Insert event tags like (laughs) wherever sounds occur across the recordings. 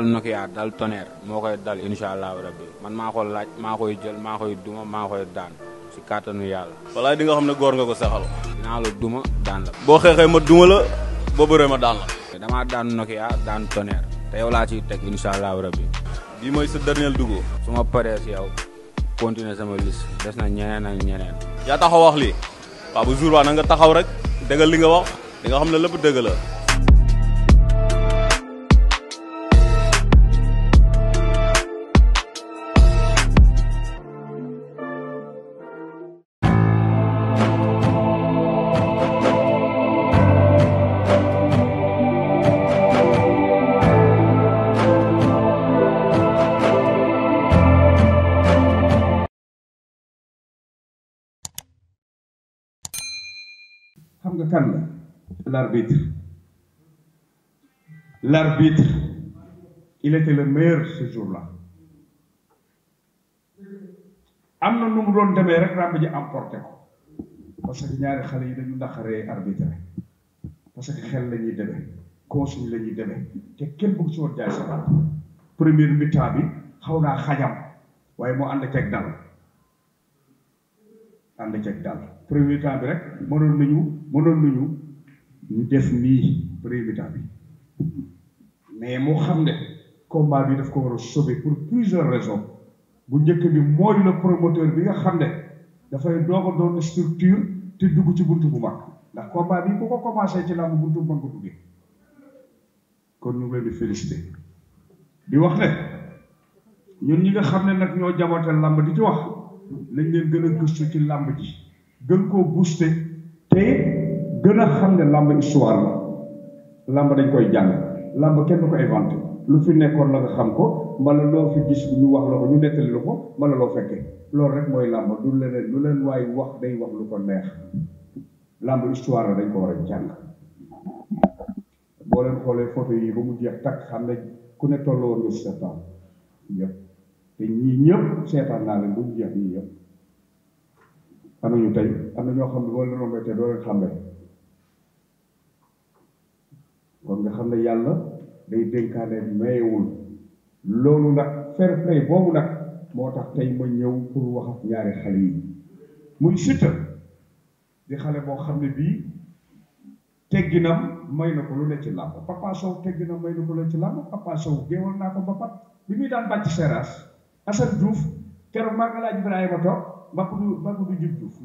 dal Nokia dal tonnerre moo koy dal incha allahu rabbi man maa ko laaj maa koy jël maa koy duma maa koy daan si kàttanu yàlla. walaay di nga xam ne góor nga ko saxal. dinaa la duma daan la. boo xeexee ma duma la boo bëree ma daan la. damaa daan Nokia daan tonnerre te yow laa ciy teg incha allahu rabbi. bii mooy sa dernier dugub. su ma paree si yow continuer sama liste des na ñeneen ak ñeneen. yaa taxaw wax lii waaw bu jour waa na nga taxaw rek dëggal li nga wax li kan la l'arbitre l'arbitre il était le meilleur ce jour am na nu mu doon demee rek làmb ji emporté ko parce que ñaari xale yi dañu naqaree arbitre parce que xel la ñuy demee consigne la ñuy te kenn bëgg si woon sa bopp première mi bi xaw naa xajam waaye moo ànd ceeg dal ànd ceeg dal premier temps bi rek mënoon nañu mënoon nañu ñu def nii premier mi bi mais moo xam ne combat bi daf ko war a sauver pour plusieurs raisons bu njëkk bi mooy le promoteur bi nga xam ne dafay doo a doon structure te dugg ci buntu bu mag ndax combat bi bu ko commencé ci làmb buntu bu mag ko duggee kon ñu ngi bi félicité di wax ne ñun ñi nga xam ne nag ñoo jaboote làmb di ci wax lañ leen gën a gëstu ci làmb ji gën koo booster te gën a xam ne làmb histoire la làmb dañ koy jàng làmb kenn du ko inventé lu fi nekkoon la nga xam ko mbala loo fi gis ñu wax la ñu nettali lu ko mbala loo fekke loolu rek mooy làmb du leneen lu leen day wax lu ko neex làmb histoire la dañ ko war a jàng boo leen xoolee photo yi ba mu jeex takk xam ne ku ne toll woon nga seetaan yëpp te ñii ñëpp seetaan naa leen ba mu jeex ñii yëpp am na ñu tey am na ñoo xam ne boo leen rombee te doo leen xàmmee kon nga xam ne yàlla day dénkaane mayewul loolu nag fair play boobu nag moo tax tey ma ñëw pour wax ñaari xale yi muy Siteu di xale boo xam ne bii tegginam may na ko lu ne ci làmb Papa Sow tegginam may na ko lu ci làmb Papa Sow géewal naa ko ba pat bi muy daan bàcc seeraas Assane Diouf keroog maa nga laaj Ibrahima toog mbakk du du jib Diouf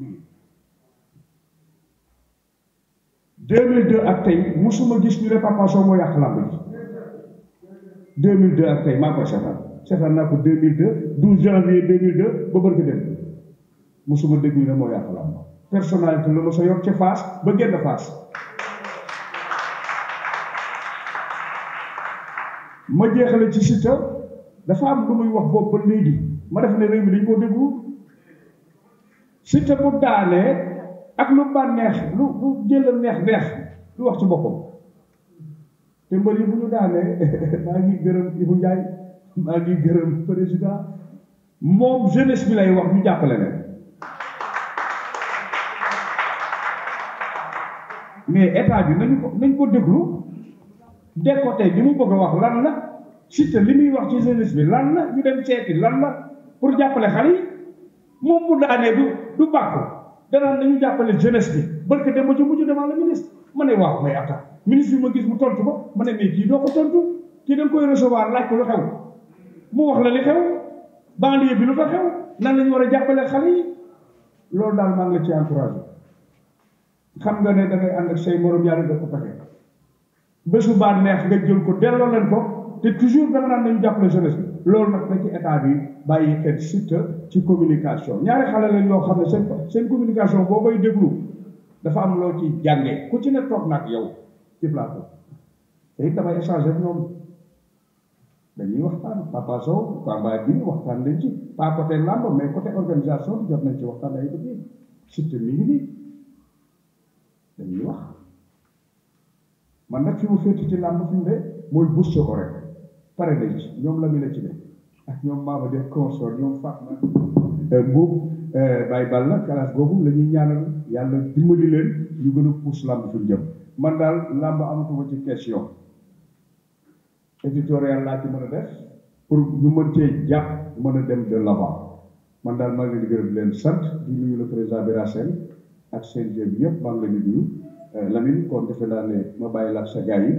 de ak tey musuma gis ñu ne Papa Sow moo yàq làmb ji 2002 ak tey maa koy seetaan seetaan naa ko 2002 12 janvier 2002 ba bëgg dem musuma dégg ñu moo yàq làmb personnalité la ma sa yor ca Fass ba génn Fass. ma jeexale ci Siteu dafa am lu muy wax boobu ba léegi ma def ne réew mi dañu koo déglu Siteu bu daanee. ak lu bànneex lu lu jël neex neex lu wax ci boppam te mbër yi bu ñu daanee (laughs) maa ngi gërëm Ibou Ndiaye maa ngi gërëm président moom jeunesse bi lay wax ñu jàppale leen mais état bi nañu ko nañ ko déglu décoté bi mu bëgg a wax lan la surtout li muy wax ci jeunesse bi lan la ñu dem seeti lan la pour jàppale xale yi moom bu daanee du du bàkku danaan nañu jàppale jeunesse bi barke dem ba ci mujj devant le ministre ma ne waaw may atta ministre bi ma gis mu tontu ba ma ne mais kii doo ko tontu kii nga koy recevoir laaj ko lu xew mu wax la li xew banlieue bi lu fa xew nan lañu war a jàppale xale yi loolu daal maa ngi la ci encouragé xam nga ne da ngay ànd ak say morom yàlla da ko pexe bésu baa neex nga jël ko delloo leen ko te toujours dama naan nañu jàppale jeunesse bi loolu nag na ci état bi bàyyi xel surtout ci communication ñaari xale la ñoo xam ne seen seen communication boo koy déglu dafa am loo ci jàngee ku ci ne toog nag yow ci plateau te it damay échanger ak ñoom dañuy waxtaan Papa Sow Bamba bi waxtaan nañ ci pas côté lamb mais côté organisation bi jot nañ ci waxtaan ay bëgg surtout mi ngi wax man nag fi mu féete ci lamb fi mu mooy bourse ko rek pare nañ ci ñoom Lamine ci ne ak ñoom Maama de consort ñoom Fatma euh, Mbuub euh, Baye Balla kalaas boobu la ñuy ñaanal yàlla dimbali leen ñu gën a puus làmb fi jëm man daal làmb amatuma ci question éditorial laa ci mën a def pour ñu mën cee jàpp mën a dem de l'avant man daal ma ngi leen di gërëm leen sant di nuyu le président Bira Sène ak seen jëm yëpp maa ngi leen di nuyu euh, kon defe naa ne ma bàyyi la ak sa gars yi.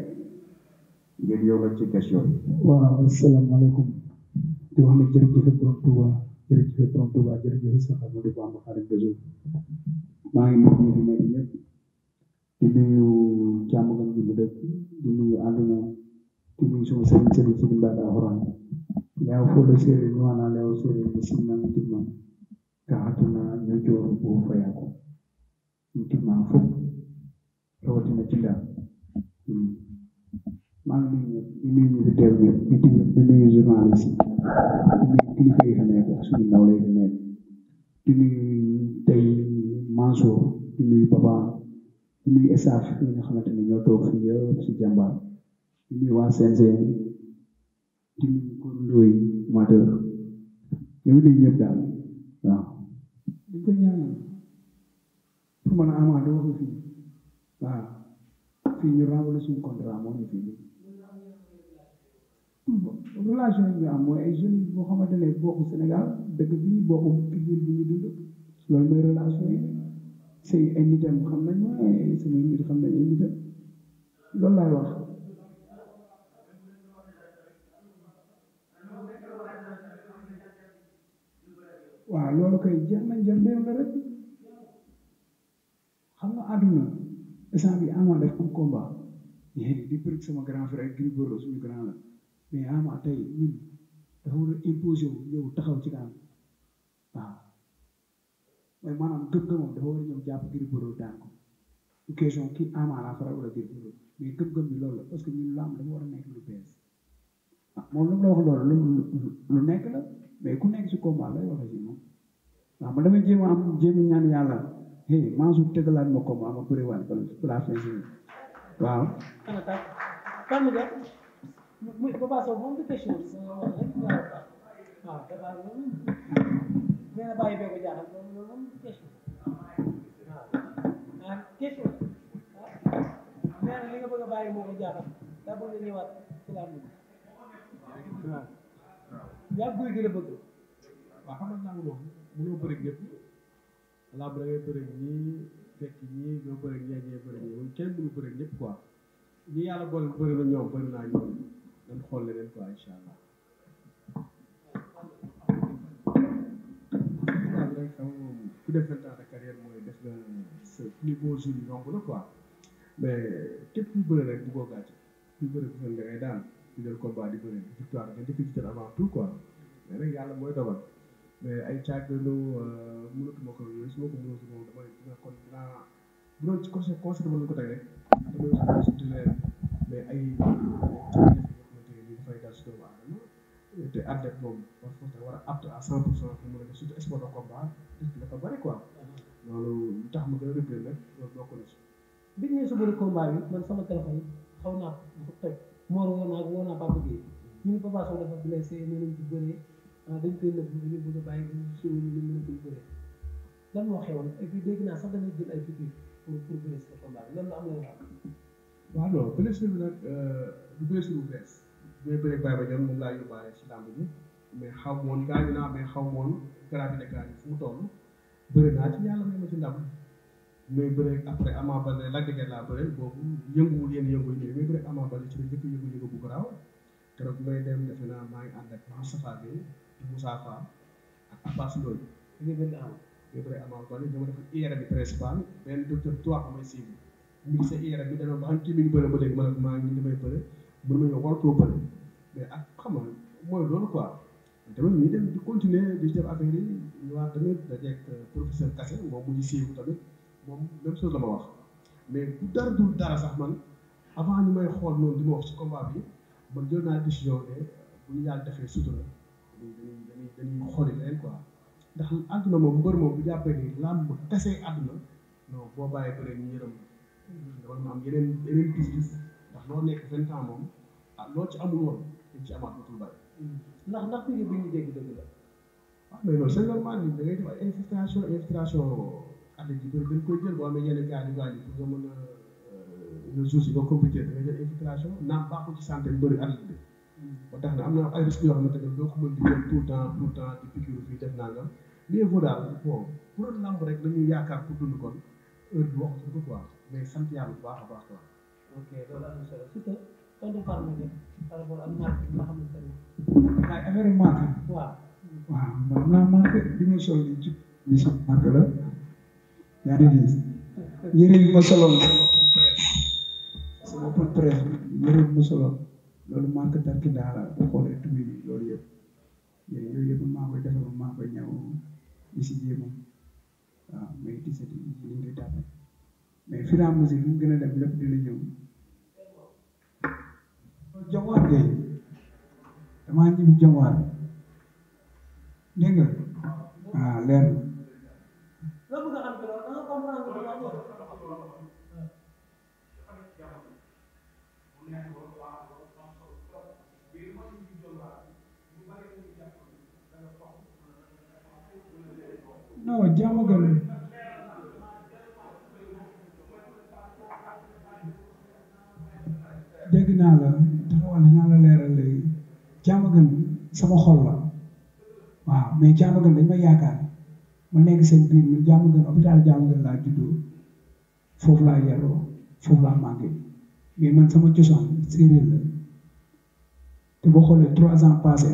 ngir yow nag ci question yi. waaw asalaamaaleykum di wax ne jërëjëf borom Touba jërëjëf borom Touba jërëjëf Cheikh Ahmadou Bamba Xaadimu Rasuul maa ngi nuyu di nuyu ñëpp di nuyu jàmm gan gi bu dëkk di nuyu ànduna di nuyu sama sëriñ sëriñ si Mbacke Alxuraan yaa fóodo séeréer ñu waan leew séeréer bi sin nan timma taxatuna ñu joor bu fayako ñu timma fukk rawatina ci ndaam nuyu ñu fi teew ñëpp di di di nuyu journaliste yi di nuyu kilifa yi fa nekk ak suñu ndaw lay tey Mansour di Papa di nuyu staff yi nga xamante ni ñoo toog fii yëpp si jàmbaar di nuyu waa CNG di nuyu Kondo yi Mateur ñëw nuyu ñëpp daal waaw. di ko ñaanal pour mën a amaat doo relation yi mooy ay jeunes yi boo xamante ne bokku Sénégal dëkk bi bokku culture bi ñu dund loolu mooy relation yi say ay nitam xam nañ ma samay nit xam nañ ay loolu laay wax. waaw loolu koy jeex na jeex na rek xam nga àdduna instant bi amoon def am combat di bëri sama grand frère Gris Bordeaux suñu grand la. mais Ama tey ñun dafa war a imposé wu ñëw taxaw ci kanam waaw mooy maanaam gëm-gëmam dafa war a ñëw jàpp Gris Bordeaux daan ko du question ki Ama laa faral wala Gris Bordeaux mais gëm-gëm bi loolu la parce que ñun lamb dafa war a nekk lu bees ah moom lu mu la wax loolu lu nekk la mais ku nekk ci combat lay waxee si moom waaw man damay jéem a am jéem a ñaan yàlla hey Mansour tegalaat ma combat ma bëriwaat ba la fin waaw. muy Papa Sow moom du péché wul si moom rek waaw damaa loolu nee na bàyyi bee ko jaaxal moom loolu moom du péché waaw ah péché wul ah nee na li nga bëgg a bàyyi moo ko jaaxal daa bëgg a ñëwaat ci laa bëgg waaw yaa guy gën a bëgg waaw xam nga loolu mënoo bëri ñëpp làmb da ngay bëri ñii fekk ñii doo bëri ñee ñee bëri ñii moom kenn mënu bëri ñëpp quoi ñi yàlla boole bëri na ñoom bëri naa ñoom doon xool leneen quoi incha allah. ku def vingt ans mooy def na sa plus beau jour yi yomb na quoi mais képp ku bëre rek bu ko gàcce ku bëre bu fen da ngay daan di jël di bëre victoire nga quoi yàlla mooy dogal mais ay caaginu euh, mënatuma ko yooyu su ma ko mënatu moom damay dina kon dinaa bu doon ci conseil conseil dama ko teg rek damay mais ay athlète boobu par force da war a apte à cent pour cent pour mën a def surtout sport de combat dafa bëri quoi loolu lu tax ma gën a rëgg nag loolu bokk na ci bi ñu subali combat bi man sama téléphone xaw naa ko toj Mor woo naa woo naa Papa Gueye ñun Papa Sow dafa blessé nee nañ ci bëree ah, dañ koy nëb bu ñu bëgg a bàyyi suñu ñu mën koy bëree lan moo xewoon et puis dégg naa sax dañuy jël ay piqûres pour pour blessé combat bi lan la am na waaw non blessure bi nag euh, du blessure bu bees may bëri Baye Badiane moom laa yóbbaale si làmb bi mais xaw ma woon gaañu naa mais xaw ma woon gravité gaañu fu mu toll bëri naa ci yàlla may ma ci ndam may bëri après Ama Baldé Lac de laa bëri boobu yënguwul yéen yëngu yëngu-yëngu bu garaaw keroog may dem defe naa maa ngi ànd ak Moustapha Gueye Moussa Fall ak Abbas Ndoye dañuy bëri am dañuy bëri Ama Baldé dama def IRM bi principal benn docteur trois may suivi ñu ngi sa IRM bi dana ba xam kii mi ngi bëri ba léegi ma ñëw war mais ak ah xam nga mooy loolu quoi tamit ñuy di continuer di def affaire yi tamit dajeeg euh, professeur Kassé moom mu ngi siiw tamit moom même chose la ma wax mais bu dara dul dara sax man avant ñu may xool noonu di ma wax ci combat bi man jël naa décision ne bu ñu yàlla defee sutura dañuy dañuy dañuy xooli leen quoi ndax àdduna moom mbër moom bu jàppee ni làmb kese àdduna non boo bàyyee ba rek ñu yërëm loolu ma am yeneen yeneen gis ndax loo nekk vingt ans moom ah loo ci amul woon. dañ ci amaat lu bari. Hmm. ndax ndax prix bi ñu dégg dëgg la. waaw ah, mais loolu c'est normal da ngay def ay infiltration infiltration athlète yi bëri a euh, le jour si ba compliqué da ngay jël bi bëri hmm. ba tax na am na ay yoo xamante ne doo ko mën di jël tout le temps tout le temps di piqûre fii def naa nga liy vaut daal bon pour lamb rek bu baax a baax quoi. ok loolu am na solo tontu par par rapport ak marque bi nga xamante ne. waaye affaire marque. waaw waaw man naa marque li ma sol nii ci li sama la yaa ngi gis yére yi ma soloon sama open press yére yi ma soloon loolu marque Darki Daara boo xoolee tubi bi loolu yëpp yére yooyu yëpp maa koy defar maa koy ñëw di si jéem waaw may di seeti li ñu koy tàppe mais fur et à mu gën a dem lépp dina ñëw. Jongoor de damaa ñibbi Jongoor dégg nga ah leer sama xol la waaw mais jaamu gën dañ ma yaakaar ma nekk seen biir ñu jaamu gën hôpital jaamu gën laa juddoo foofu laa yaroo foofu la màggee mais man sama cosaan séeréer la te boo xoolee trois ans passé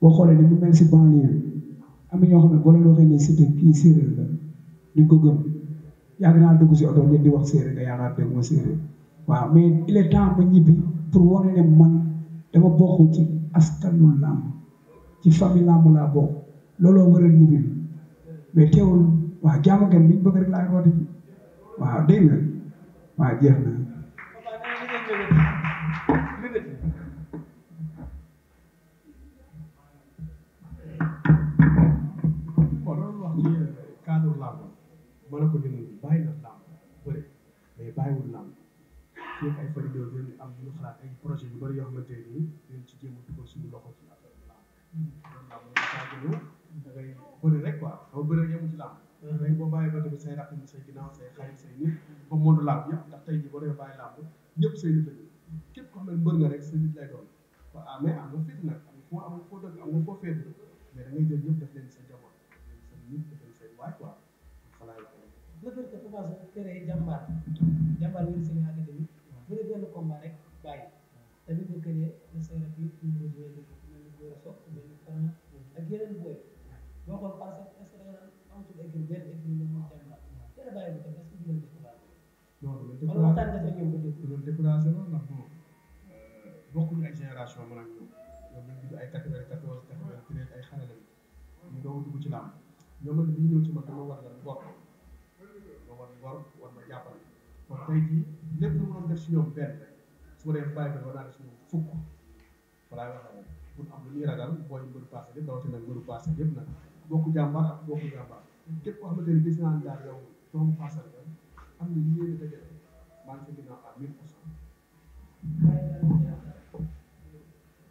boo xoolee ni mu mel si banlieue am na ñoo xam ne boo leen waxee ne si kii séeréer la duñ ko gëm yàgg naa dugg si oto ngeen di wax séeréer nga yaakaar dégg ma séeréer waaw mais il est temps ma ñibbi pour wane ne man. dama bokk ci askanu làmb ci famille làmb laa bokk looloo waral ñibbi mais teewul waaw jaamu ngeen liñ bëgg rek laay roote ji waaw dégg nga na. ñu ay fan yooyu yéen am ñu xalaat ay projet yu bëri yoo xamante ne nii dañ ci jéem a dugal suñu loxo ci affaire bi laa moom saagulu da ngay bëri rek quoi doo bëri yemu ci làmb léegi mm. boo bàyyi ba tamit say rakk ni say ginnaaw say xarit say nit ba monde làmb ñëpp ndax tey jii boo demee bàyyi làmb ñëpp say nit lañu képp xam ne mbër nga rek sa nit lay doon ah mais am nga fit nag am nga foo am nga foo dëgg am nga foo féete mais da ngay jël ñëpp def leen sa jamono sa nit def leen say waay quoi xalaat la. le fait que Papa Sow créé jàmbaar jàmbaar wér seen académie bëri benn combat rek bàyyi tamit bu gënee na say rek yëpp ñu ngi mel ni góor a soog mel ni Franc ak yeneen booy boo xool parce que est-ce que da nga naan amatul écrit benn écrit la mu dem la teel a bàyyi bu dem est-ce que du leen découragé non loolu découragé loolu ndax bon euh, bokkuñu ay génération mën ak ñoom ñoom ñu ngi ay quatre-vingt-quatorze quatre-vingt-treize ay xale lañu ñu doog dugg ci làmb ñoom nag bi ñu ñëw ci man dama war a ngor dama war a ngor war ma jàppal kon tey jii lépp lu mënoon def si ñoom benn su ma dee bàyyi ko daal si ñoom fukk walaay waxal pour am lu ñuy ragal booy mbëru passé lépp rawatina mbëru passé lépp nag bokku jàmbaar ak bokku jàmbaar képp koo xamante ne gis naa daal yow doomu passé la am na yéene dajale maa ngi sa ginnaaw à mille pour